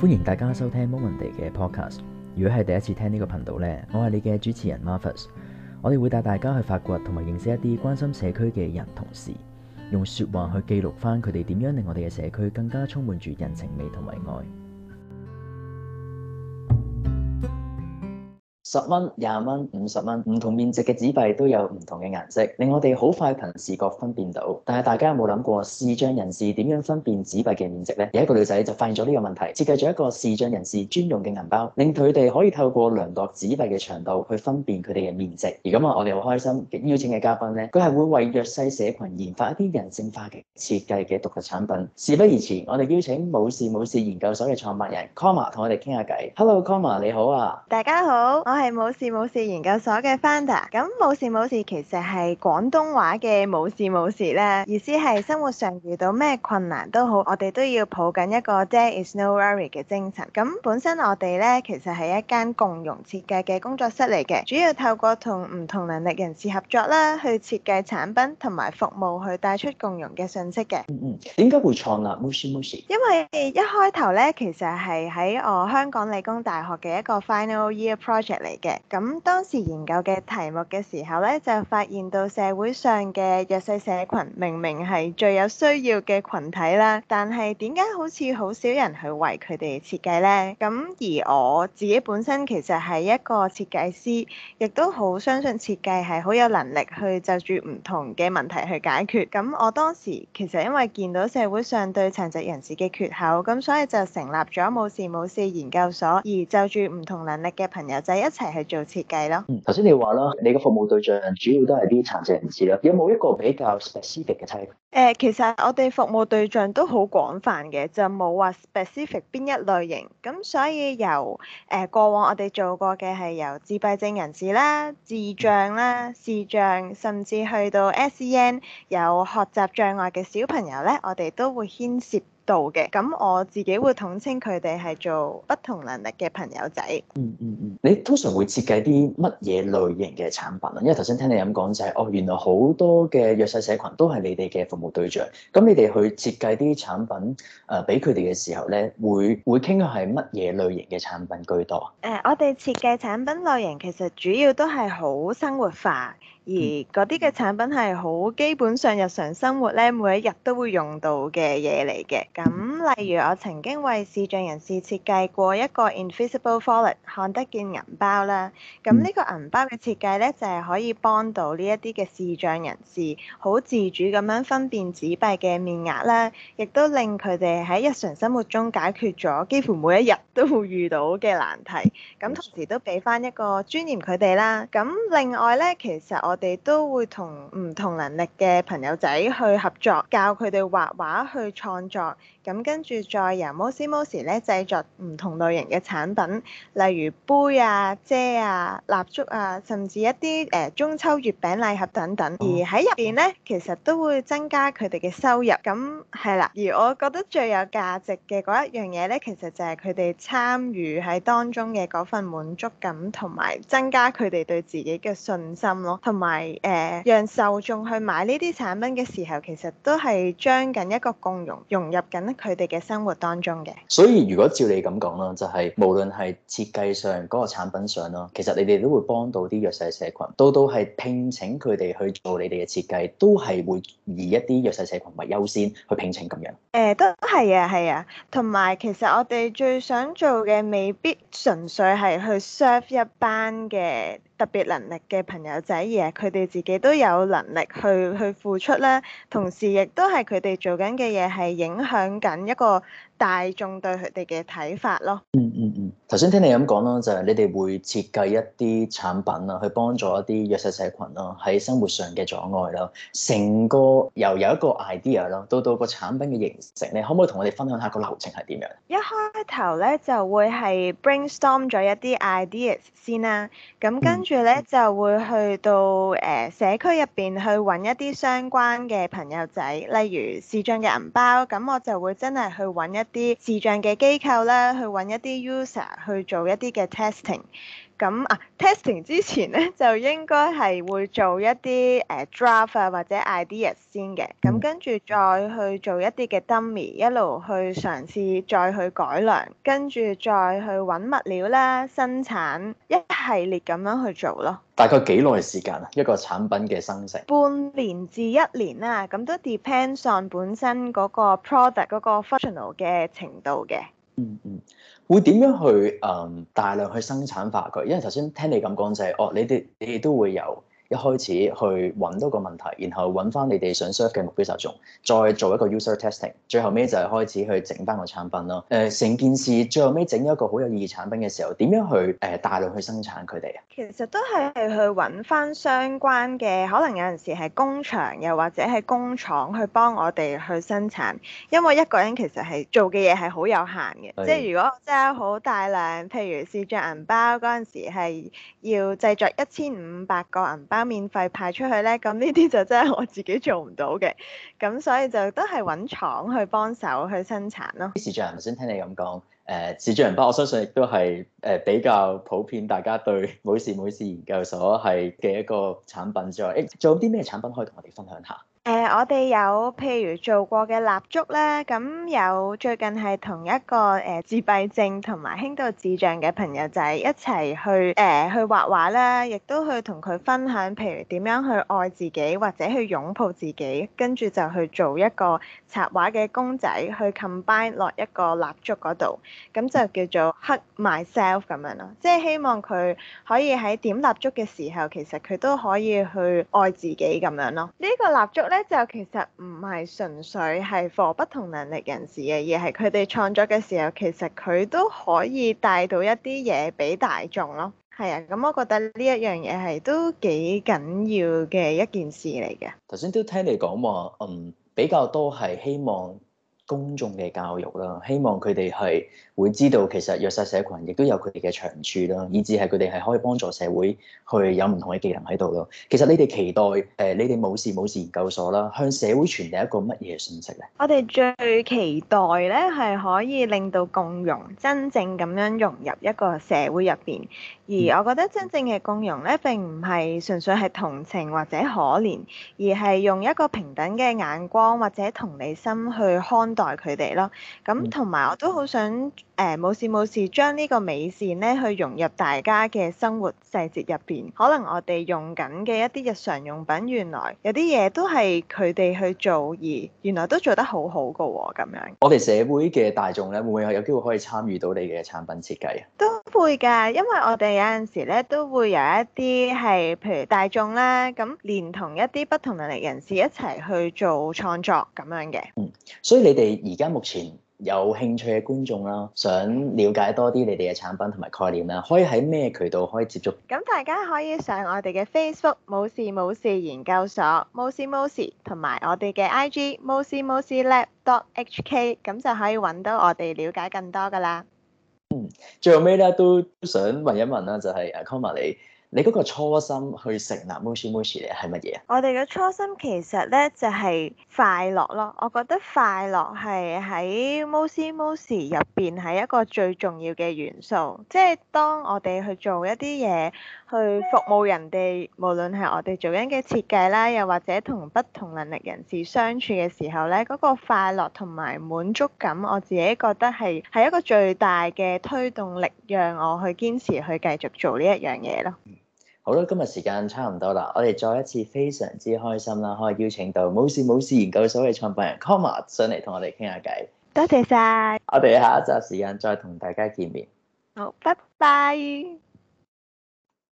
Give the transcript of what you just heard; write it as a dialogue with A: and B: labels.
A: 歡迎大家收聽 Momenday 嘅 podcast。如果係第一次聽呢個頻道呢，我係你嘅主持人 Marvis。我哋會帶大家去發掘同埋認識一啲關心社區嘅人，同時，用說話去記錄翻佢哋點樣令我哋嘅社區更加充滿住人情味同埋愛。十蚊、廿蚊、五十蚊，唔同面值嘅紙幣都有唔同嘅顏色，令我哋好快憑視覺分辨到。但係大家有冇諗過視障人士點樣分辨紙幣嘅面值呢？有一個女仔就發現咗呢個問題，設計咗一個視障人士專用嘅銀包，令佢哋可以透過量度紙幣嘅長度去分辨佢哋嘅面值。而今啊，我哋好開心，邀請嘅嘉賓呢，佢係會為弱勢社群研發一啲人性化嘅設計嘅獨特產品。事不宜遲，我哋邀請 Mosi Mosi 研究所嘅創辦人 Comma 同我哋傾下偈。Hello Comma，你好啊！
B: 大家好，係冇事冇事研究所嘅 founder，咁冇事冇事其實係廣東話嘅冇事冇事咧，意思係生活上遇到咩困難都好，我哋都要抱緊一個 There is no worry 嘅精神。咁本身我哋咧其實係一間共融設計嘅工作室嚟嘅，主要透過同唔同能力人士合作啦，去設計產品同埋服務，去帶出共融嘅信息嘅。嗯。
A: 嗯嗯，點解會創立冇事冇事？事
B: 因為一開頭咧，其實係喺我香港理工大學嘅一個 Final Year Project 嚟嘅。咁當時研究嘅題目嘅時候咧，就發現到社會上嘅弱勢社群明明係最有需要嘅群體啦，但係點解好似好少人去為佢哋設計咧？咁而我自己本身其實係一個設計師，亦都好相信設計係好有能力去就住唔同嘅問題去解決，咁我當時其實因為見到社會上對殘疾人士嘅缺口，咁所以就成立咗冇事冇事研究所，而就住唔同能力嘅朋友就一齊。一齊去做設計
A: 咯。頭先、嗯、你話啦，你嘅服務對象主要都係啲殘疾人士啦，有冇一個比較 specific 嘅 type？
B: 誒、呃，其實我哋服務對象都好廣泛嘅，就冇話 specific 邊一類型。咁所以由誒、呃、過往我哋做過嘅係由自閉症人士啦、智障啦、視障，甚至去到 SEN 有學習障礙嘅小朋友咧，我哋都會牽涉。做嘅，咁我自己會統稱佢哋係做不同能力嘅朋友仔。嗯
A: 嗯嗯，你通常會設計啲乜嘢類型嘅產品咧？因為頭先聽你咁講就係、是，哦，原來好多嘅弱勢社群都係你哋嘅服務對象。咁你哋去設計啲產品，誒、呃，俾佢哋嘅時候咧，會會傾向係乜嘢類型嘅產品居多？
B: 誒、呃，我哋設計產品類型其實主要都係好生活化。而嗰啲嘅產品係好基本上日常生活咧，每一日都會用到嘅嘢嚟嘅，咁。例如我曾經為視障人士設計過一個 Invisible Wallet，看得見銀包啦。咁呢個銀包嘅設計呢，就係、是、可以幫到呢一啲嘅視障人士，好自主咁樣分辨紙幣嘅面額啦，亦都令佢哋喺日常生活中解決咗幾乎每一日都會遇到嘅難題。咁同時都俾翻一個尊嚴佢哋啦。咁另外呢，其實我哋都會同唔同能力嘅朋友仔去合作，教佢哋畫畫去創作。咁跟住再由摩斯摩斯咧，製作唔同類型嘅產品，例如杯啊、遮啊、蠟燭啊，甚至一啲誒、呃、中秋月餅禮盒等等。而喺入邊咧，其實都會增加佢哋嘅收入。咁係啦，而我覺得最有價值嘅嗰一樣嘢咧，其實就係佢哋參與喺當中嘅嗰份滿足感，同埋增加佢哋對自己嘅信心咯。同埋誒，讓受眾去買呢啲產品嘅時候，其實都係將緊一個共融融入緊。佢哋嘅生活當中嘅，
A: 所以如果照你咁講咯，就係無論係設計上嗰個產品上咯，其實你哋都會幫到啲弱勢社群，到到係聘請佢哋去做你哋嘅設計，都係會以一啲弱勢社群為優先去聘請咁樣。
B: 誒，嗯，都係啊，係啊，同埋其實我哋最想做嘅未必純粹係去 serve 一班嘅。特別能力嘅朋友仔，而佢哋自己都有能力去去付出啦，同時，亦都係佢哋做緊嘅嘢係影響緊一個大眾對佢哋嘅睇法咯。嗯嗯嗯。
A: Hmm. 頭先聽你咁講咯，就係、是、你哋會設計一啲產品啦，去幫助一啲弱勢社群啦，喺生活上嘅阻礙啦，成個由有一個 idea 咯，到到個產品嘅形成，你可唔可以同我哋分享下個流程係點樣？
B: 一開頭咧就會係 brainstorm 咗一啲 ideas 先啦、啊，咁跟住咧就會去到誒社區入邊去揾一啲相關嘅朋友仔，例如視障嘅銀包，咁我就會真係去揾一啲視障嘅機構啦，去揾一啲 user。去做一啲嘅 testing，咁啊 testing 之前咧就應該係會做一啲誒、啊、draft 啊或者 ideas 先嘅，咁跟住再去做一啲嘅 dummy，一路去嘗試再去改良，跟住再去揾物料啦，生產一系列咁樣去做咯。
A: 大概幾耐時間啊？一個產品嘅生成？
B: 半年至一年啦、啊，咁都 depends on 本身嗰個 product 嗰個 functional 嘅程度嘅。
A: 嗯嗯，會點樣去誒、um，大量去生產化佢？因為頭先聽你咁講就係哦，你哋你哋都會有。一開始去揾多個問題，然後揾翻你哋想 search 嘅目標受眾，再做一個 user testing，最後尾就係開始去整翻個產品咯。誒、呃，成件事最後尾整咗一個好有意義產品嘅時候，點樣去誒、呃、大量去生產佢
B: 哋啊？其實都係去揾翻相關嘅，可能有陣時係工場，又或者係工廠去幫我哋去生產，因為一個人其實係做嘅嘢係好有限嘅。的即係如果真係好大量，譬如試着銀包嗰陣時，係要製作一千五百個銀包。免費派出去咧，咁呢啲就真係我自己做唔到嘅，咁所以就都係揾廠去幫手去生產咯。視障人士，頭先聽你咁講，誒
A: 視障銀包，我相信亦都係誒比較普遍，大家對 Mosi Mosi 研究所係嘅一個產品之外，仲有啲咩產品可以同我哋分享下？
B: 誒、呃，我哋有譬如做過嘅蠟燭咧，咁、嗯、有最近係同一個誒、呃、自閉症同埋輕度智障嘅朋友仔一齊去誒、呃、去畫畫咧，亦都去同佢分享，譬如點樣去愛自己或者去擁抱自己，跟住就去做一個插畫嘅公仔去 combine 落一個蠟燭嗰度，咁、嗯、就叫做 Hug Myself 咁樣咯，即、就、係、是、希望佢可以喺點蠟燭嘅時候，其實佢都可以去愛自己咁樣咯，呢、嗯這個蠟燭。咧就其實唔係純粹係 for 不同能力人士嘅，而係佢哋創作嘅時候，其實佢都可以帶到一啲嘢俾大眾咯。係啊，咁我覺得呢一樣嘢係都幾緊要嘅一件事嚟嘅。頭先都
A: 聽你講話，嗯，比較多係希望公眾嘅教育啦，希望佢哋係會知道，其實弱勢社群亦都有佢哋嘅長處啦，以至係佢哋係可以幫助社會去有唔同嘅技能喺度咯。其實你哋期待誒，你哋 Mosi Mosi 研究所啦，向社會傳遞一個乜嘢信息呢？
B: 我哋最期待咧係可以令到共融，真正咁樣融入一個社會入邊。而我覺得真正嘅共融咧，並唔係純粹係同情或者可憐，而係用一個平等嘅眼光或者同理心去看待待佢哋咯，咁同埋我都好想。 誒冇事冇事，將呢個美善咧去融入大家嘅生活細節入邊，可能我哋用緊嘅一啲日常用品，原來有啲嘢都係佢哋去做，而原來都做得好好噶喎，咁樣。
A: 我哋社會嘅大眾咧，會唔會有機會可以參與到你嘅產品設計啊？都
B: 會㗎，因為我哋有陣時咧都會有一啲係譬如大眾咧，咁連同一啲不同能力人士一齊去做創作咁樣嘅。嗯，
A: 所以你哋而家目前。有興趣嘅觀眾啦，想了解多啲你哋嘅產品同埋概念啦，可以喺咩渠道可以接觸？
B: 咁大家可以上我哋嘅 Facebook，冇事冇事研究所，冇事冇事，同埋我哋嘅 IG，冇事冇事 Lab dot HK，咁就可以揾到我哋了解更多噶啦。嗯，
A: 最後尾咧都想問一問啦，就係阿 Comma 你。你嗰個初心去成立 Mosi Mosi 係乜嘢？
B: 我哋嘅初心其實呢就係快樂咯。我覺得快樂係喺 Mosi Mosi 入邊係一個最重要嘅元素。即係當我哋去做一啲嘢，去服務人哋，無論係我哋做緊嘅設計啦，又或者同不同能力人士相處嘅時候呢，嗰個快樂同埋滿足感，我自己覺得係係一個最大嘅推動力，讓我去堅持去繼續做呢一樣嘢咯。
A: 好啦，今日時間差唔多啦，我哋再一次非常之開心啦，可以邀請到冇事冇事研究所嘅創辦人 Comma 上嚟同我哋傾下偈。
B: 多謝晒！我哋下
A: 一集時間再同大家見面。
B: 好，拜拜。